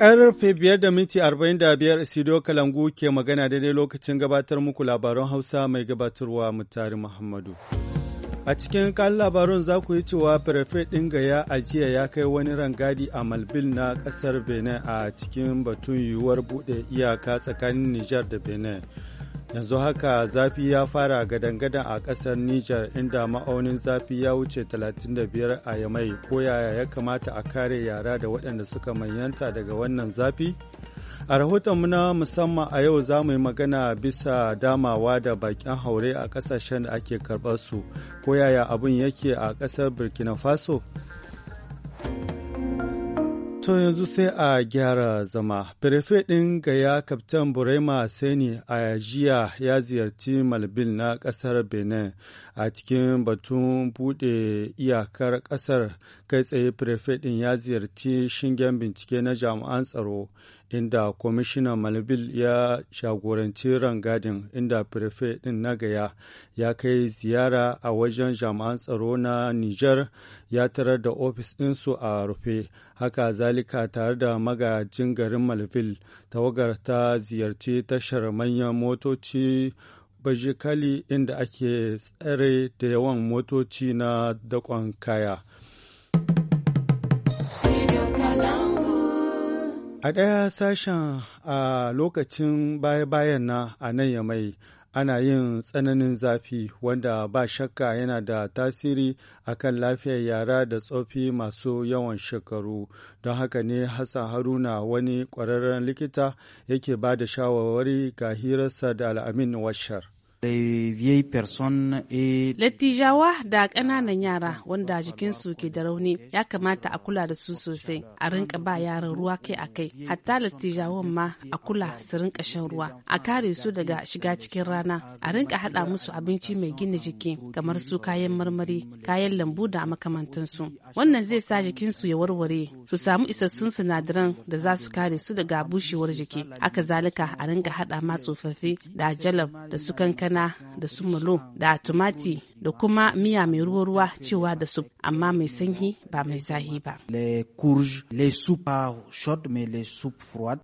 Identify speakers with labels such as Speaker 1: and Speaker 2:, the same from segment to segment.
Speaker 1: Karfe biyar da minti arba'in da biyar Kalangu ke magana daidai lokacin gabatar muku labaran Hausa mai gabatarwa Mutari Muhammadu. A cikin kan labarun za ku yi cewa Firfe ɗin gaya a jiya ya kai wani rangadi a Malbil na ƙasar Benin a cikin batun yiwuwar buɗe iyaka tsakanin Nijar da Benin. yanzu haka zafi ya fara gadan-gadan a ƙasar niger inda ma'aunin zafi ya wuce 35 a yamai ko yaya ya kamata a kare yara da waɗanda suka manyanta daga wannan zafi a rahotonmu na musamman a yau za mu yi magana bisa damawa da bakin haure a ƙasashen da ake karɓar su ko yaya abin yake a ƙasar burkina faso To yanzu sai a gyara zama. Firefe ɗin gaya Kaftan Burema Seni a jiya ya ziyarci Malbil na ƙasar Benin a cikin batun buɗe iyakar ƙasar kai tsaye Firefe ɗin ya ziyarci shingen bincike na jami'an tsaro inda kwamishinan malabil ya shagoranci rangadin inda firfe ɗin na gaya ya kai ziyara a wajen jami'an tsaro na niger ya tarar da ofis ɗinsu a rufe haka zalika tare da magajin garin malabil tawagar ta ziyarci tashar manyan motoci bajikali inda ake tsare da yawan motoci na dakon kaya A ɗaya sashen a lokacin baya-bayan na a nan ya mai ana yin tsananin zafi wanda ba shakka yana da tasiri akan lafiyar yara da tsofi masu yawan shekaru don haka ne hassan haruna wani ƙwararren likita yake ba da shawarwari ga hirarsa da al'amin washar. Eh,
Speaker 2: Lattijawa da ƙananan yara wanda jikinsu ke da rauni ya kamata a kula da su sosai a rinka ba yaran ruwa kai a kai hatta lattijawan ma a kula su rinka shan ruwa a kare su daga shiga cikin rana a rinka haɗa musu abinci mai gina jiki kamar su kayan marmari kayan lambu da makamantansu wannan zai sa jikinsu ya warware su samu isassun sinadaran da za su kare su daga bushewar jiki haka zalika a rinka haɗa ma tsofaffi da jalab da su kankare kankana da su malo da tumati da kuma miya mai ruwa-ruwa cewa da su amma mai sanyi ba mai zahi ba. courge, le les soupes chaudes mais le soupes froides.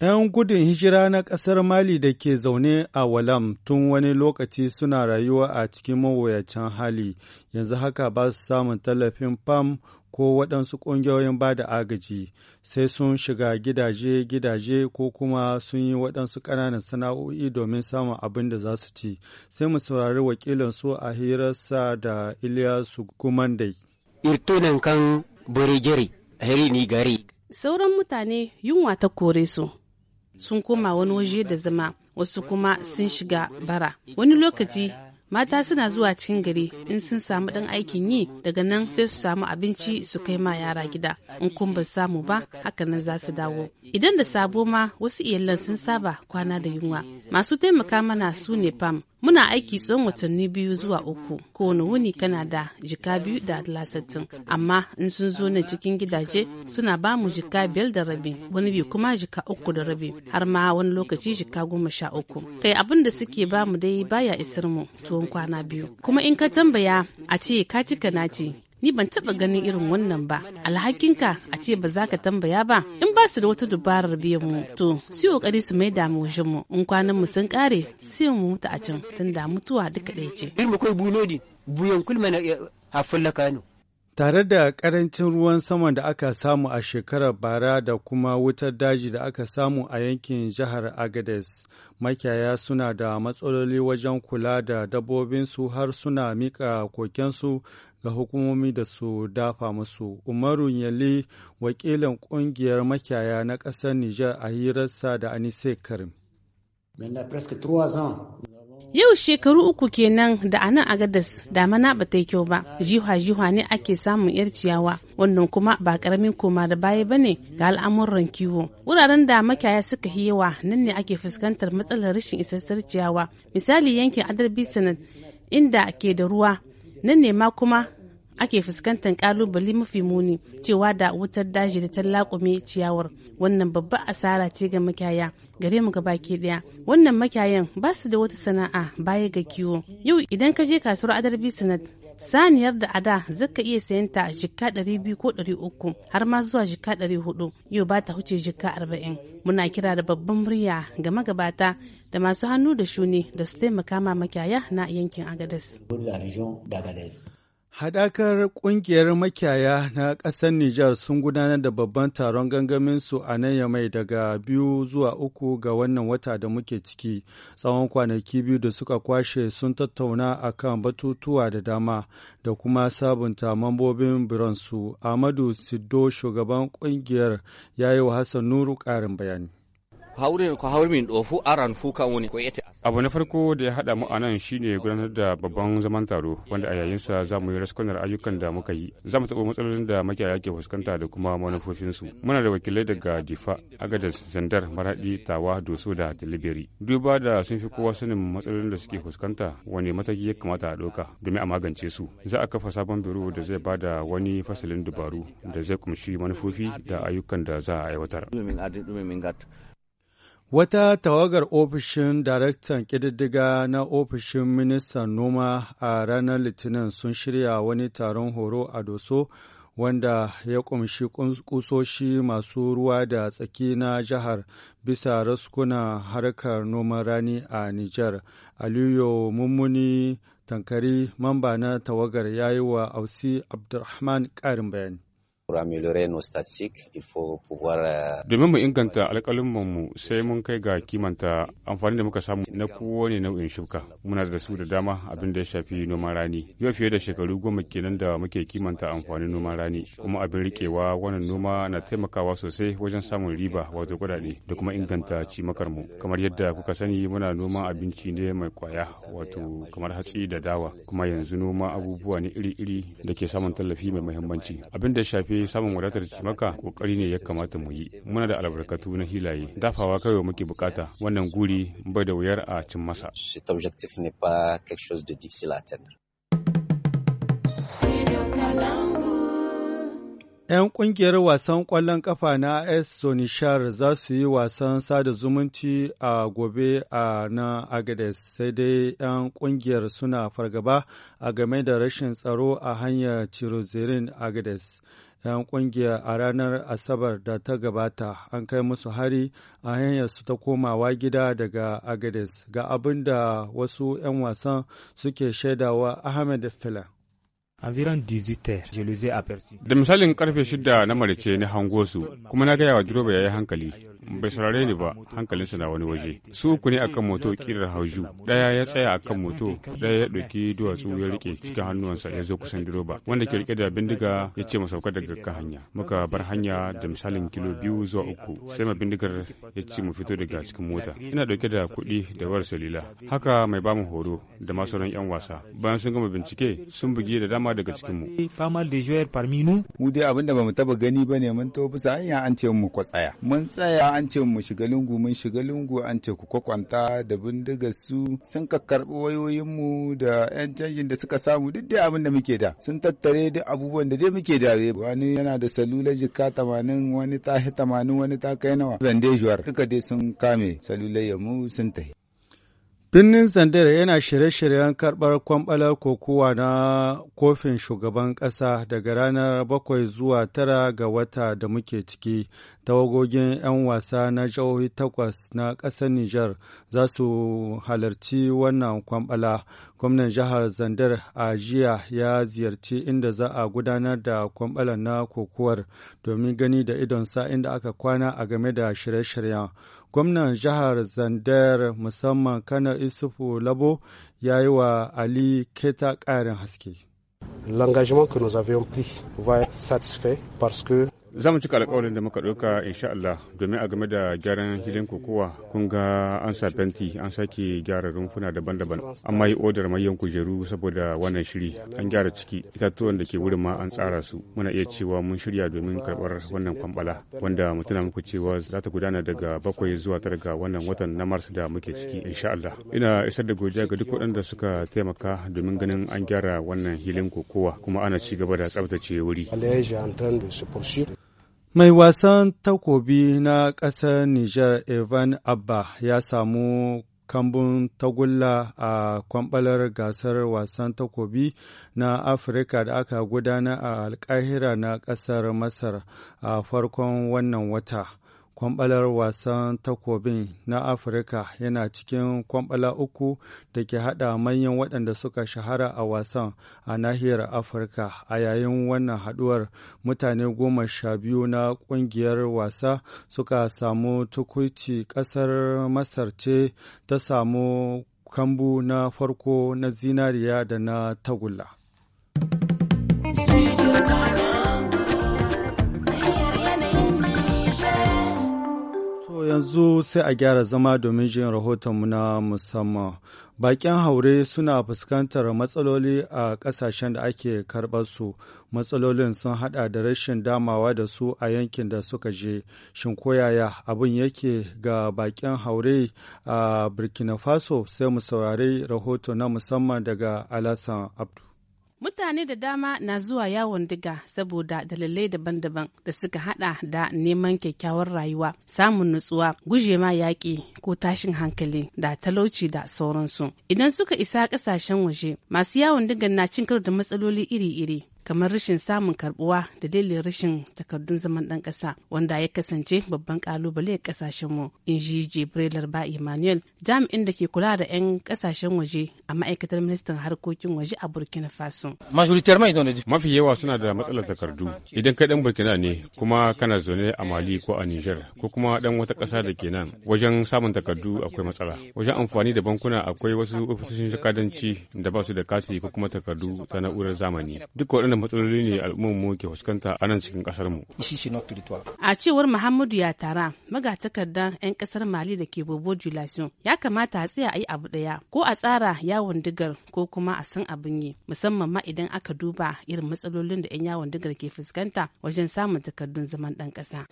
Speaker 1: ‘Yan gudun hijira na ƙasar Mali da ke zaune a Walam tun wani lokaci suna rayuwa a cikin mawuyacin hali, yanzu haka ba su samun tallafin fam ko waɗansu ƙungiyoyin ba da agaji, sai sun shiga gidaje-gidaje ko kuma sun yi waɗansu ƙananan sana'o'i domin samun abin da za su ci. Sai mu saurari wakilin su a hirarsa da Iliyasu Gumandai.
Speaker 2: Sauran mutane yunwa ta kore su. sun koma wani waje da zama wasu kuma sun shiga bara wani lokaci mata suna zuwa cikin gari in sun samu dan aikin yi daga nan sai su samu abinci su kai ma yara gida in kun ba samu ba hakanan za su dawo idan da sabo ma wasu iyalan sun saba kwana da yunwa masu taimaka mana su ne fam. muna aiki tsawon watanni biyu zuwa uku kowane wuni kana da jika biyu da lasatin amma in sun zo nan cikin gidaje suna ba mu jika biyar da rabi wani biyu kuma jika uku da rabi har ma wani lokaci jika goma sha uku kai abin da suke ba mu dai baya isar mu tuwon kwana biyu kuma in ka tambaya a ce ka cika naci ni ban taba ganin irin wannan ba alhakinka a ce ba za ka tambaya ba in ba su da wata dubarar biyan mu to su kokari su mai damu wajen mu in kwanan mu sun kare sai mu mutu a can tun da mutuwa duka ɗaya
Speaker 1: ce buyan kulmana eh, a fulla kano Tare da ƙarancin ruwan saman da aka samu a shekarar bara da kuma wutar daji da aka samu a yankin jihar Agades, makiyaya suna da matsaloli wajen kula da dabbobinsu har suna miƙa kokensu ga hukumomi da su dafa musu. Umaru Yali, wakilin ƙungiyar makiyaya na ƙasar Nijar a hirarsa da Anise Karim.
Speaker 2: Yau shekaru uku kenan da anan Agadas mana ba ta yi kyau ba, jiwa-jiwa ne ake samun 'yar ciyawa, wannan kuma ba karamin koma da baya ba ne ga al'amuran kiwo. Wuraren da makiyaya suka yi yawa nan ne ake fuskantar matsalar rashin isassar ciyawa, misali yankin Adarbisanat inda ke da ruwa, nan ne ma kuma ake fuskantar kalubale mafi muni cewa da wutar daji da tallakume ciyawar wannan babbar asara ce ga makiyaya gare mu baki daya wannan makiyayan ba su da wata sana'a baya ga kiwo yau idan ka je kasuwar adarbi sanad saniyar da ada zaka iya sayan ta jikka 200 ko 300 har ma zuwa jikka hudu yau ba ta huce jikka 40 muna kira da babban murya ga magabata da masu hannu da shuni da su taimaka ma makiyaya na yankin agadas
Speaker 1: Hadakar ƙungiyar makiyaya na ƙasar Nijar sun gudanar da babban taron gangaminsu a nan mai daga biyu zuwa uku ga wannan wata da muke ciki. Tsawon kwanaki biyu da suka kwashe sun tattauna a kan batutuwa da dama da kuma sabunta mambobin biransu. Ahmadu sido shugaban ƙungiyar ya yi wa Hassan Nuru ƙarin bayani.
Speaker 3: abu na farko da ya haɗa mu a nan shine gudanar da babban zaman taro wanda a yayinsa za mu yi raskunar ayyukan da muka yi za mu taɓa matsalolin da makiyaya ke fuskanta da kuma manufofinsu muna da wakilai daga difa agadas zandar maraɗi tawa doso da delivery duba da sun fi kowa sanin matsalolin da suke fuskanta wani mataki ya kamata a ɗauka domin a magance su za a kafa sabon biro da zai ba da wani fasalin dabaru da zai kumshi manufofi da ayyukan da za a aiwatar
Speaker 1: Wata tawagar ofishin daraktan ƙididdiga na ofishin ministan noma a ranar Litinin sun shirya wani taron horo a Doso wanda ya ƙumshi kusoshi masu ruwa da tsaki na jihar bisa raskuna harkar noman rani a Nijar. Aliyu Mummuni Tankari mamba na tawagar ya yi wa Ausi Abdulrahman ƙarin bayani.
Speaker 2: Euh, Domin
Speaker 3: mu inganta mu sai mun kai ga kimanta amfani da muka samu na kowane nau'in shuka. Muna da su da dama abin da ya shafi noman rani. Yau fiye da shekaru goma kenan da muke kimanta amfanin noman rani. Kuma abin rikewa wannan noma na taimakawa sosai wajen samun riba wato kudade da kuma inganta cimakar mu. Kamar yadda kuka sani muna noma abinci ne mai kwaya wato kamar hatsi da dawa. Kuma yanzu noma abubuwa ne iri-iri da ke samun tallafi mai muhimmanci. Abin da ya shafi take samun wadatar cimaka kokari ne ya kamata mu yi muna da albarkatu na hilaye dafawa kawai muke bukata wannan guri bai da wuyar a cin masa
Speaker 1: ‘Yan ƙungiyar wasan kwallon kafa na AS Sonishar za su yi wasan sada zumunci a gobe a na Agades sai dai ‘yan ƙungiyar suna fargaba a game da rashin tsaro a hanyar Cirozerin Agades. 'yan kungiya a ranar asabar da ta gabata an kai musu hari a hanyar su ta komawa gida daga agades ga abin da wasu 'yan wasan suke shaidawa ahmed filan
Speaker 3: Da misalin karfe shida na marice na hango su kuma na gaya wa direba ya yi hankali bai saurare ni ba hankalinsa na wani waje su uku ne akan moto kirar hauju daya ya tsaya akan moto daya ya ɗauki duwatsu ya rike cikin hannuwansa ya zo kusan direba wanda ke rike da bindiga ya ce mu sauka daga kan hanya muka bar hanya da misalin kilo biyu zuwa uku sai ma bindigar ya ce mu fito daga cikin mota ina ɗauke da kuɗi da wayar salila haka mai bamu horo da masu ran yan wasa bayan sun gama bincike sun bugi da dama daga cikin
Speaker 1: Mu dai abinda bamu taba gani ba ne mun to bisa hanya an ce mu ku tsaya. Mun tsaya an ce mu shiga lungu mun shiga lungu an ce ku kwakwanta da bindiga su sun ka wayoyin mu da 'yan canjin da suka samu duk dai abinda muke da. Sun tattare duk abubuwan da dai muke da. Wani yana da salula jika tamanin wani tahi tamanin wani ta kai nawa. Bandejuwar duka dai sun kame salulai yamu sun tahi. Birnin Zandar yana shirye-shiryen karɓar kwamɓalar kokowa na kofin shugaban ƙasa daga ranar bakwai zuwa tara ga wata da muke ciki. Tawagogin 'yan wasa na jihohi takwas na ƙasar Nijar za su halarci wannan kwamɓala. Gwamnan jihar Zandar a jiya ya ziyarci inda za a gudanar da kwamɓalar na kokowar domin gani da idon sa inda aka kwana a game da shirye-shiryen. Gwamnan jihar Zandar musamman Kana Isufu Labo ya yi wa Ali Keta ƙarin haske. L'engagement que nous avions pris va être satisfait parce que
Speaker 3: za mu cika alkawarin da muka ɗauka insha Allah domin a game da gyaran filin kokowa kun ga an sa fenti an sake gyara rumfuna daban-daban an yi odar mayan kujeru saboda wannan shiri an gyara ciki itatuwan da ke wurin ma an tsara su muna iya cewa mun shirya domin karɓar wannan kwambala wanda mutuna muku cewa za ta gudana daga bakwai zuwa tara ga wannan watan na mars da muke ciki insha Allah ina isar da godiya ga duk waɗanda suka taimaka domin ganin an gyara wannan hilin kokowa kuma ana ci gaba da tsabtace wuri.
Speaker 1: Mai wasan takobi na ƙasar Nijar Evan Abba ya samu kambun tagulla a kwamɓalar gasar wasan takobi na afirka da aka gudana a alkahira na ƙasar masar a farkon wannan wata kwambalar wasan takobin na afirka yana cikin kwambala uku da ke hada manyan waɗanda suka shahara a wasan a nahiyar afirka a yayin wannan haduwar mutane goma sha biyu na ƙungiyar wasa suka samu tukuici ƙasar masar ce ta samu kambu na farko na zinariya da na tagulla. yanzu sai a gyara zama domin jin rahotonmu na musamman. Bakin haure suna fuskantar matsaloli a ƙasashen da ake karɓar su. Matsalolin sun haɗa da rashin damawa da su a yankin da suka je. Shin koyaya abin yake ga bakin haure a Burkina Faso sai mu saurari rahoto na musamman daga Alasan Abdu.
Speaker 2: Mutane da dama na zuwa yawon diga saboda dalilai daban-daban da suka hada da neman kyakkyawar rayuwa, samun nutsuwa, guje ma yaƙi ko tashin hankali da talauci da sauransu. Idan suka isa ƙasashen waje, masu yawon digan na cin karo da matsaloli iri-iri. kamar rashin samun karbuwa da dalilin rashin takardun zaman dan kasa wanda ya kasance babban ƙalubale a mu in ji jibril ba emmanuel jami'in da ke kula da 'yan kasashen waje a ma'aikatar ministan harkokin waje a burkina faso
Speaker 3: mafi yawa suna da matsalar takardu idan ka dan burkina ne kuma kana zaune a mali ko a niger ko kuma dan wata kasa da ke nan wajen samun takardu akwai matsala wajen amfani da bankuna akwai wasu ofisoshin jakadanci da ba su da kati ko kuma takardu ta na'urar zamani duk waɗannan wannan matsaloli ne al'umma mu ke fuskanta a nan cikin kasar mu
Speaker 2: a cewar muhammadu ya tara magatakarda 'yan kasar mali da ke bobo julation ya kamata a tsaya a yi abu daya ko a tsara yawon digar ko kuma a san abin yi musamman ma idan aka duba irin matsalolin da 'yan yawon digar ke fuskanta wajen samun takardun zaman dan kasa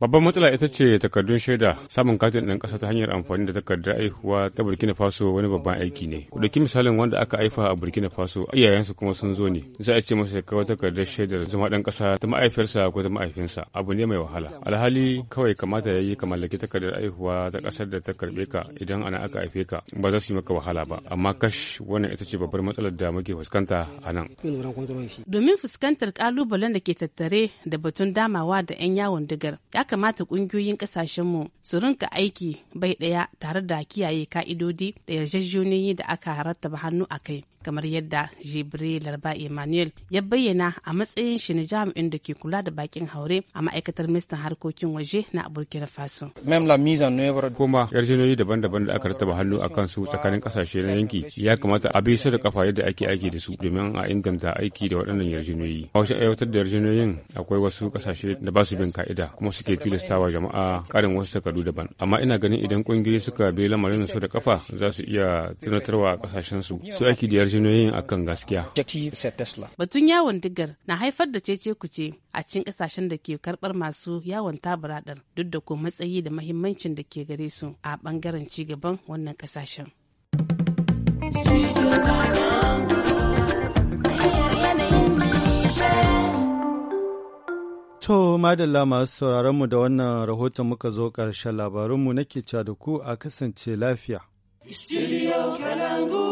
Speaker 3: babban matsala ita ce takardun shaida samun katin ɗan kasa ta hanyar amfani da takardar aihuwa ta burkina faso wani babban aiki ne ku dauki misalin wanda aka aifa a burkina faso iyayen iyayensu kuma sun zo ne za a ce masa ya kawo takardar shaidar zama dan kasa ta ma'aifiyarsa ko ta ma'aifinsa abu ne mai wahala alhali kawai kamata ya yi ka mallaki takardar aihuwa ta kasar da ta karbe ka idan ana aka haife ka ba za su yi maka wahala ba amma kash wannan ita ce babbar matsalar da muke fuskanta a nan.
Speaker 2: domin fuskantar kalubalen da ke tattare da batun damawa da 'yan yawon digar ya kamata ƙungiyoyin mu su rinka aiki bai ɗaya tare da kiyaye ka'idodi da yarjejjeniyoyi da aka rattaba hannu a kai kamar yadda jib Jibre Larba Emmanuel ya bayyana a matsayin shi na jami'in da ke kula da bakin haure a ma'aikatar ministan harkokin waje na Burkina Faso.
Speaker 3: Kuma yarjejeniyoyi daban-daban da aka rataba hannu a kansu tsakanin kasashe na yanki ya kamata a bi da kafa yadda ake aiki da su domin a inganta aiki da waɗannan yarjejeniyoyi. A wasu aiwatar da yarjejeniyoyin akwai wasu kasashe da ba su bin ka'ida kuma suke tilastawa jama'a karin wasu takardu daban. Amma ina ganin idan kungiyoyi suka bi lamarin su da kafa za su iya tunatarwa kasashen su su aiki da yarjejeniyoyin akan gaskiya.
Speaker 2: Tesla. Batun yawon digar na haifar da cece kuce a cikin kasashen da ke karbar masu yawon tabaradar duk da ko matsayi da mahimmancin da ke gare su a bangaren gaban wannan kasashen.
Speaker 1: To, madalla masu sauraron mu da wannan rahoton muka zo ƙarshen labarinmu nake cewa da ku a kasance lafiya.
Speaker 2: Studio Kalangu.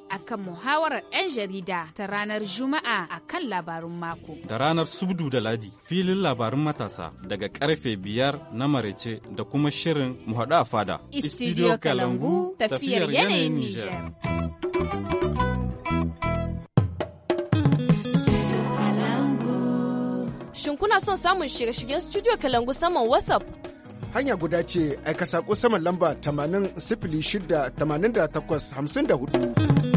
Speaker 2: akan muhawarar 'yan jarida ta ranar Juma'a a kan labarun mako.
Speaker 1: Da ranar Subdu da Ladi filin labarun matasa daga karfe biyar na marece da kuma shirin muhaɗu a fada.
Speaker 3: Istidiyo Kalangu tafiyar yanayin Nijar.
Speaker 2: Shin kuna son samun shirye-shiryen Studio Kalangu saman WhatsApp? Hanya
Speaker 3: guda ce aika saƙo saman lamba 80 da 54.